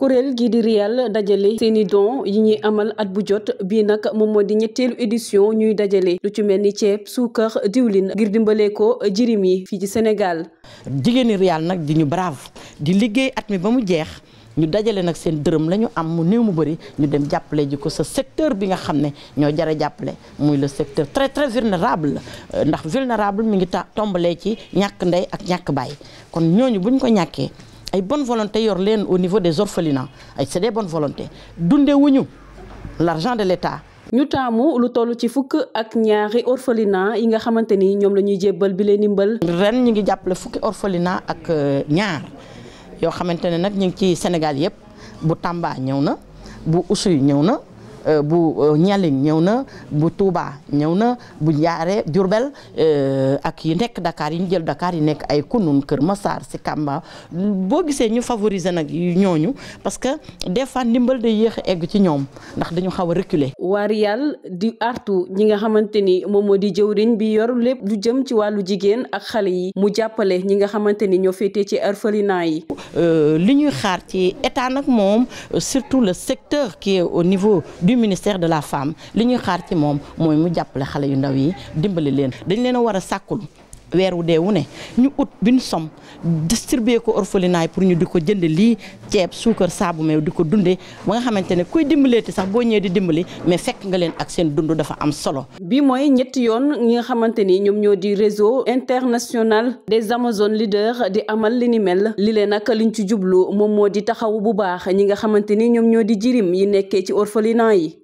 kuréel gi di Riyal dajale seeni i don yi ñuy amal at bu jot bii nag moom moo di ñetteelu édition ñuy dajale lu ci mel ni ceeb suukar diwlin ngir dimbalee ko jirim yi fii ci Sénégal. jigéeni Riyal nag di ñu brave di liggéey at mi ba mu jeex. ñu dajale nag seen dërëm la ñu am mu néew mu bëri ñu dem jàppale ji ko sa secteur bi nga xam ne ñoo jara jàppale muy le secteur très très vulnérable euh, ndax vulnérable mi ngi ta tombalee ci ñàkk ndey ak ñàkk baay kon ñooñu buñ ko ñàkkee ay bonne volonté yor leen au niveau des orphelinats ay c'est des bonnes volontés dunde wuñu l'argent de l'État ñu taamu lu toll ci fukk ak ñaari orphelinat yi nga xamante ni ñoom la ñuy jébbal bi leen ndimbal ren ñu ngi jàppale fukki orphelinat ak euh, ñaar yoo xamante ne nag ñu ngi ci Sénégal yëpp bu Tamba ñëw na bu Oussouye ñëw na Euh, bu ñaling euh, ñëw na bu Touba ñëw na bu Njaare Jurbel euh, ak yi nekk dakaar yi ñu jël Dakar yi nekk ay Kunun Kër Massar si Kamba boo gisee ñu favoriser nag ñooñu parce que des fois ndimbal day yéex egg ci ñoom ndax dañu xaw a reculer. waa Riyal di artu ñi nga xamante ni moom moo di jëwriñ bi yor lépp lu jëm ci wàllu jigéen ak xale yi mu jàppale ñi nga xamante ni ñoo féetee ci orphelinat yi. li ñuy xaar ci état nag moom surtout le secteur qui au niveau. du ministère de la femme li ñuy xaar ci moom mooy mu jàppale xale yu ndaw yi dimbali leen dañ leen a war a sàkkul weeru dee wu ne ñu ut bin som distribué ko orphelinat yi pour ñu di ko jënd lii ceeb suukar saabu meew di ko dundee ba nga xamante ne kuy dimbaleeti sax boo ñëwee di dimbali mais fekk nga leen ak seen dund dafa am solo. bi mooy ñetti yoon ñi nga xamante ni ñoom ñoo di réseau international des Amazone leaders di amal li ni mel li leen nag liñ ci jublu moom moo di taxawu bu baax ñi nga xamante ni ñoom ñoo di jirim yi nekkee ci orphelinat yi.